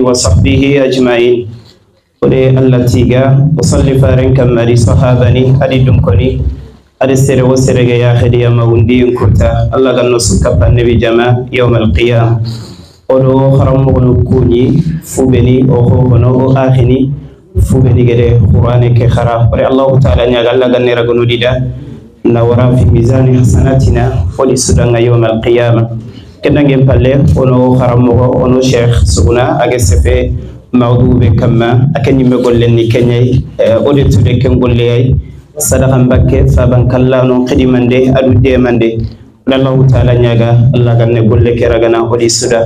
وصحبه أجمعين ore allah tiga wasalli faren kammari sahabani adi ɗum koni aɗa sere wo serege yahediyama wundi en kurta allah ganno sukkappa nebi jama yawma alqiyama oɗo harammogono kuñi fuɓeni o hohono o ahini fuɓeni gede qur'ane ke hara ore allahu taala ñaga allah ganneragonoɗiɗa na wara fi misani hasanatina foli suɗanga yawma alqiyama كننجم بالله أنو خرمه أنو شيخ سونا أجسفه موضوع كما أكني مقول لني كني آه، أودت لك نقول لي صدقا بك فبنك الله نقدي من دي أدودي من دي الله تعالى نجا الله كان نقول لك رجعنا أودي سودا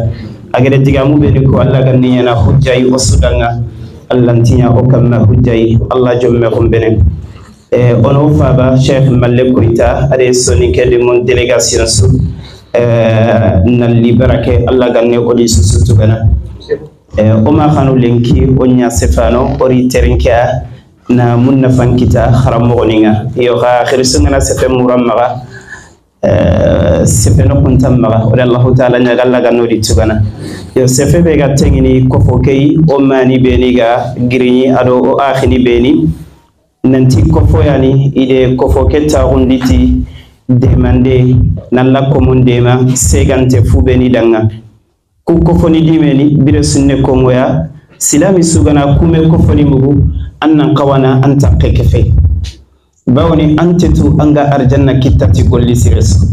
أجد تجامو بيركو الله كان نينا خجاي وسودنا الله نتيا أكمل خجاي الله جمعكم بينهم ono faba cheikh malle koita ade soninke de mon délégation Eh, nalli barake allah ganne odi susutu bana eh, oma xanu lenki o ɲa sefano ori terinke a na mun nafan kita xaramoxoninga yo xa xirisungana sefe muran maxa eh, sefeno kuntan maxa ode allahu taala ɲaga allah gannodi tugana yo sefe be ga tengini kofo keyi o mani beni ga giriɲi ado o axini beni nanti kofo yani ide kofo ke taxundi demande nalla komun dema segante fu beni danga ku kofoni dimeni bire sunne komoya silami sugana kume kofoni mugu annan kawana an takke kefe bawni antetu anga arjanna kittati golli siresu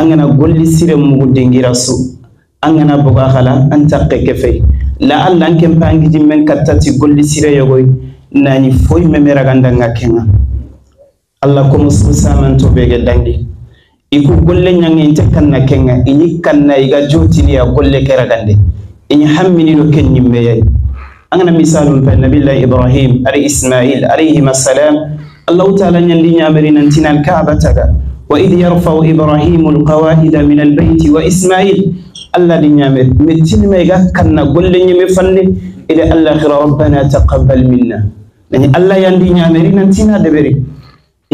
angana golli sire mugu dingirasu angana boga hala an takke kefe la allah anken pangiji men kattati golli sire yogoy nani foy memera gandanga kenga alla ko musaman to bege dangi iku golle nyange inte kanna kenga ini kanna iga jotini ya golle kera gande ini hammini do kenni meyay angana misalum pa nabillahi ibrahim ari ismail alayhi assalam allah ta'ala nyandi nyamari nantina alkaaba taga wa idh yarfa'u ibrahimu alqawaida min albayti wa ismail allah di nyamari metin mega kanna golle nyame fanne ida allah khira rabbana taqabbal minna yani allah yandi nyamari nantina debere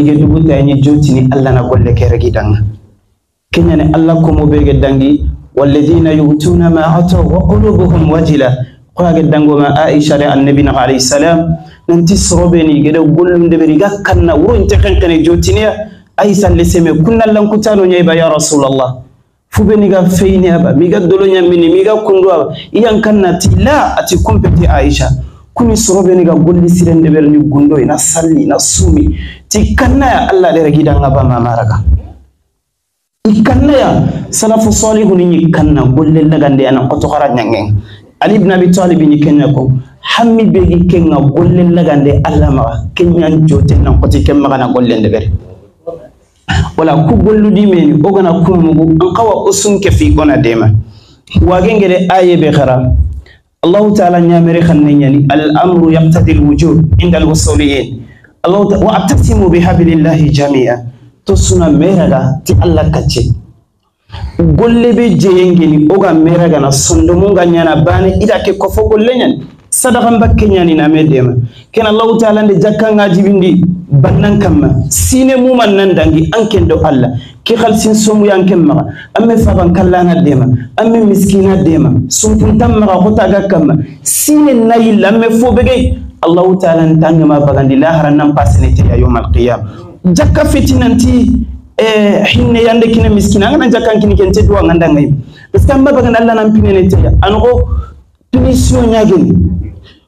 ige duguta ini ni allah na golle gidan? danga kenyani allah komo bege dangi walladina yutuna ma atau wa qulubuhum wajila dango ma, aisha re annabi na alayhi salam nanti ni gede gollumdeberi ga kanna wuro inte kenkene jotiniya aisha leseme kunnallankuntano ñayiba ya rasulallah ni ga feyni aba miga dolo mi miga kundu aba iyan kanna ti la ati kumpeti aisha kuni sɔrɔ bɛ ne ka siren de ni gundo ina salli ina sumi ti kannaya allah ɗere giɗanga ba mamaraka i kannaya salafu salihu ni ñi kanna golle lagande ana kotokara ñangen ali ibn abi talib ni kenya ko hammi be gi kenga golle lagande allah maga kenyan jote nan koti ken maga na golle de ɓere wala ku golludi meni ogana kumugu an kawa usunke fi gona dema wagengede aye be xara الله تعالى نعمر خنيني الأمر يقتضي الوجوب عند الوصوليين الله وأتتم بحبل الله جميعا تسنى ميرغا تي الله كتشي قل لي بجينجني أوغا ميرغا نصندمونغا نانا باني إذا كي كفو قل لي sadaka mbakke nyani na medema ken allah taala nde jakka ngaji bindi bannan kamma sine mu man nan dangi anken do allah ki khalsin somu yanken ma amme faban kallana dema amme miskina dema sumpun tamma khota ga kamma sine nayi lamme fo bege allah taala ntanga ma bagandi laharan nan pasene te yawm alqiyam jakka fitinanti e hinne yande kine miskina ngana jakkan kini kente duwa nganda ngai parce que amba bagandi allah nan pinene te anoko punition nyageni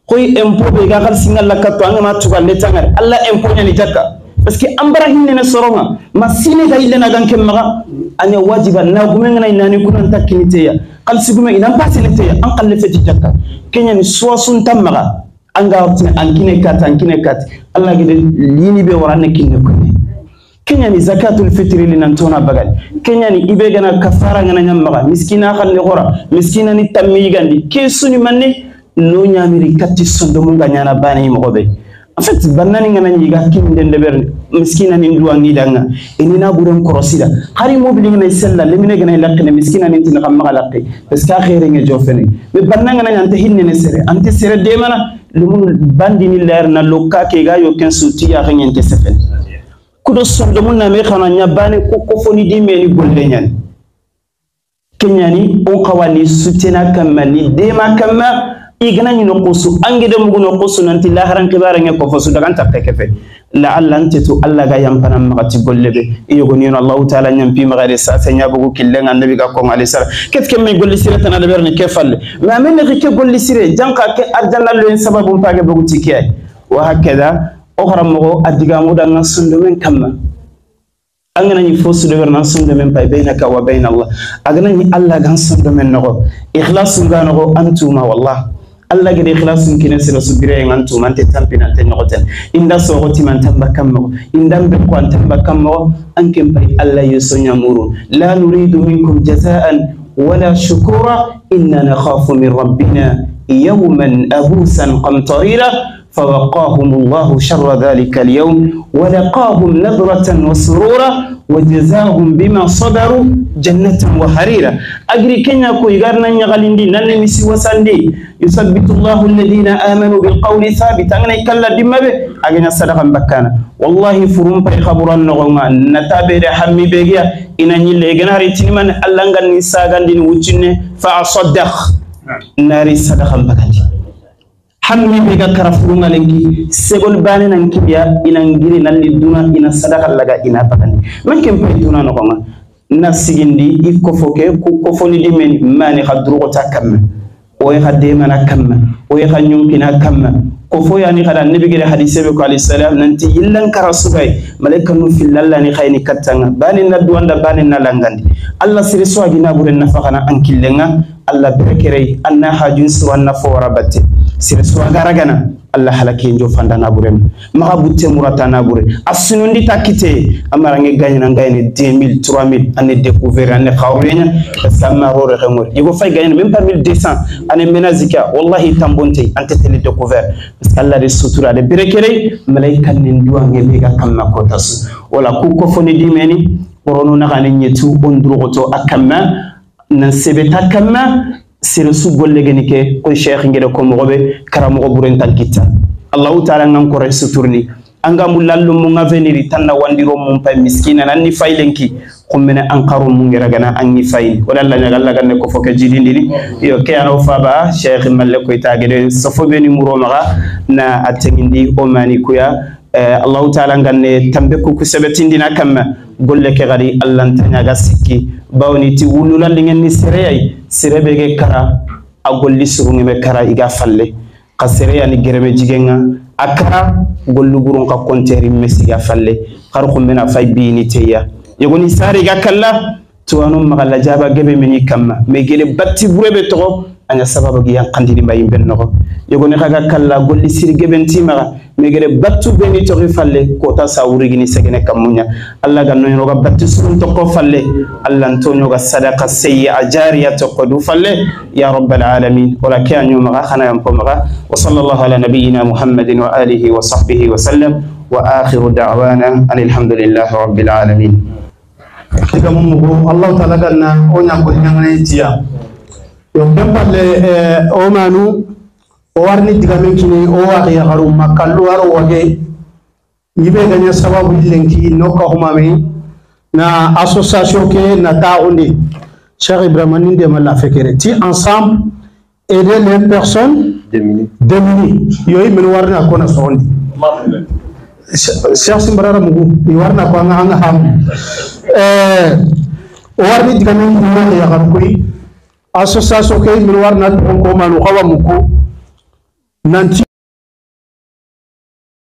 koy impo be ga har singa la katto anga ma tuga le tangar alla impo nyani jakka parce que ambara hinne ne soronga ma sine ga ile na gan kem maga anya wajiba na gume ngana inani kunan takinite ya qal sigume idan pasilite ya an qalle feti jakka kenya ni suwasun tamaga anga optine an kine kat an kine kat alla gide lini be warane kinne kunne kenya ni zakatul fitri li nantona bagal kenya ni ibe gana kafara ngana nyamaga miskina khalle gora miskina ni tammi gandi ke suni manne no ñamiri kati sondo mun ga bana yi mɔgɔ bɛ en fait bannani ŋana ɲi ga kim den de ber miskina ni ndu ŋi danga ini na buron korosi la hari mobili ŋana sella ngana ŋana lakkene miskina ni tin xam maga lakke parce que a xere ŋe jo fene mais banna ŋana ɲante hinnene sere ante sere demana lumun ni ler na lokka ke ga yo ken suti ya xen ɲente sefen kudo sondo mun na me khana ɲa bane ko foni di meli golle ɲani kenyani o kawani sutena kama ni dema kama i gana ñino kusu angide muguno kusu nanti laharan ko fosu daga takke kefe la laalla ntetu alla ga yampana magati golle be i yogonino allah taala pi sa se magade ko kille nga nabi ga ko ngali salam ket ke may golli sire tanade berni ke falle ma men neki ke golli sire janka ke arjana arjanalloen sababum page boguti ke ay wa hakkeda o haramogo a digamuɗanga sundomen kamma angana ni fosu de sudomen sundu men pay bayna ka wa bayna allah agana ni ɲi allah gan men nogo ikhlasu ga nogo antuma tuma wallah alla gede ikhlasin kine sira subire en antu mante tampi nan tan nogoten inda so goti man tamba kammo inda be ko an tamba kammo an kem bay alla yusunya murun la nuridu minkum jazaan wala shukura inna nakhafu min rabbina yawman abusan qamtarira فوقاهم الله شر ذلك اليوم ولقاهم نظرة وسرورا وجزاهم بما صبروا جنة وحريرا أجري كنيا كوي غارنا نغالندي ناني وسان دي يثبت الله الذين آمنوا بالقول ثابت أنا يكلا دم به أجنا صدقا بكانا والله فرم بري خبرا نغوما نتابع رحمي بيجيا إنا نيل إجنا تنمان من نساغا دين وجنة فأصدق نعم. ناري صدقا بكانا hammi be ga karafuruma lenki segol bane nan kibiya ina ngiri nalli duna ina sadaka laga ina patani man kem pay duna no konga na sigindi i kofoke ku kofoni dimeni mani khadrugo ta kamma o e khadde mana kamma o e khanyum kina kamma ko fo yani kada nabi gere hadise be ko alayhi salam nanti illan karasubai malaika nu fillalla ni khayni kattanga bani na duwanda bani na langandi allah siri so agina buren nafakana an killenga allah berekere anna hajun suwanna fo warabate sirasuwa garagana allah halake jo fanda naburem maga butte murata nabure asunundi ta kite amarange gagnana ngayne 2000 3000 ane découvert ane khawrenya sama rore khamur yigo fay gagnana même pas 1200 ane menazika wallahi tambonte ante tele découvert parce qu'allah de sutura de berekere malaika nin duange mega kamma kotas wala ku ko foni dimeni korono nagane nyetu ondurogoto akamma nan sebeta kamma سيرسو غولي غنيكي كون شيخ نغيرو كوم غوبي كرامو غبرين تالكيتا الله تعالى نان كوري ستورني anga mulallu mun aveniri tanna wandiro mun pay miskina nan ni failenki kummene ankaru mun geragana an ni fail wala la nyaga la ganne ko foke jidindi ni yo ke ano faba sheikh malle ko itage de sofo be ni muro maga na atengindi o mani kuya allah taala ganne tambe ko kusabetindina kamma golle ke gari allah tanya ga sikki bawni ti wululandi ngen ni sereyai sere be ke kara a golli sugunge be kara i ga falle ka sere yani gereme jigenga a kara golluburun ka konteri mesi ga falle har kun bena fay ni teya yogoni sari ga kalla tuwanu magala jaba gebe meni kamma me gele batti burebe togo أن السبب جي أن قندي ما يبينه يقول نخاك كلا قولي سير جبن تيما مغير بتو بني تغي فلة كوتا ساوري جني سجن كمونيا الله جنون يوغا بتو سون تكو فلة الله نتون يوغا سرقة سيء أجاريا تقدو فلة يا رب العالمين ولكن يوم غا خنا يوم قم وصلى الله على نبينا محمد وآله وصحبه وسلم وآخر دعوانا أن الحمد لله رب العالمين. Kita mungguh Allah Taala karena orang yon dampalle eh, o manu o warni digamen kini o waxe yaxaru ma kallu haro waxe yiɓe gaña sababu lenki nokka xumame na association ke na taxundi cheikh ibrahima ni ndema lafe kere ti ensemble aider les personnes démunies yoyi min warna kona soxondi cheikh simbarara mugu i warna ko anga anga xam eh, o warni digamen xumane yaxaru koy asoo saasoo ka yimid warnad xukuman qawamku nanti